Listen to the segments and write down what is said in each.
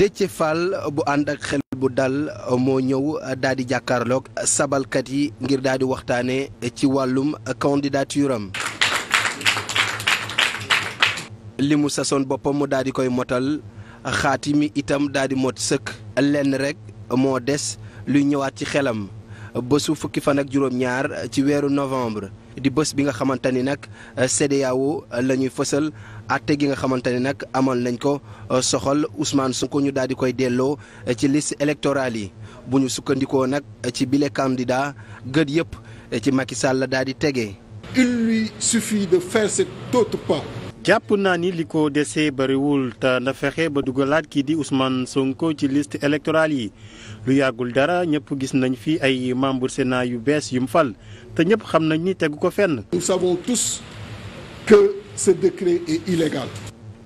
Déthié Fall bu ànd ak xel bu dal moo ñëw daal di jàkkaarloog sabalkat yi ngir daal di waxtaanee ci wàllum candidature limu li sasoon boppam mu daal di koy motal xaati mi itam daal di mot sëkk lenn rek moo des luy ñëwaat ci xelam bésu fukki fan ak juróom-ñaar ci weeru novembre di bés bi nga xamante ni nag euh, CEDEAO euh, la ñuy fësal atte gi nga xamante ni nag amal nañ ko euh, soxal Ousmane Sonko ñu daal di koy delloo ci liste électorale yi bu ñu sukkandikoo nag ci bile candidat gët yëpp ci Macky Sall la daal di tege. Il de faire cet autre jàpp naa ni li ko desee bariwul te na fexe ba dugalaat kii di Ousmane Sonko ci liste électorale yi lu yàggul dara ñëpp gis nañ fi ay membre Sénat yu bees yu mu fal te ñëpp xam nañ ni tegu ko fenn. nous savons tous que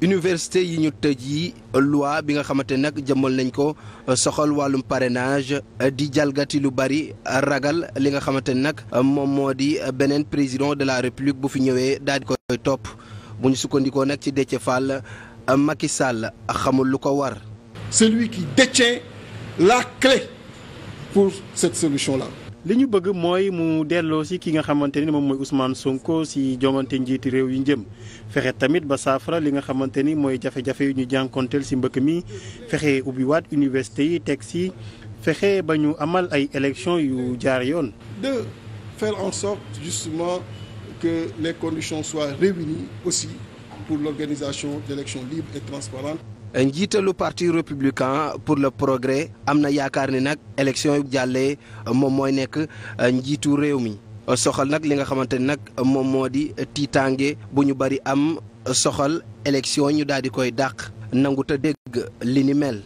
université yi ñu tëj yi loi bi nga xamante nag jëmmal nañ ko soxal wàllum parenage di jalgati lu bari ragal li nga xamante nag moom moo di beneen président de la république bu fi ñëwee daadi di koy topp. bu ñu sukkandikoo nag ci Déthié Fall Macky Sall xamul lu ko war. celui qui la clé pour cette solution là. li ñu bëgg mooy mu delloo si ki nga xamante ni moom mooy Ousmane Sonko si jongante njiiti réew yu njëm fexe tamit ba saafara li nga xamante ni mooy jafe-jafe yu ñu jànkonteel si mbëkk mi fexe ubbiwaat université yi teg si fexe ba ñu amal ay élections yu jaar yoon. les conditions soient aussi pour l'organisation d'élections libres et transparentes. njiitalu parti républicain pour le progrès am na yaakaar ni nag élection yu jàllee moom mooy nekk euh, njiitu réew mi soxal nag li nga xamante ni nag moom moo di tiitaange bu ñu bari am soxal élection ñu daal di koy dàq nangu te dégg li ni mel.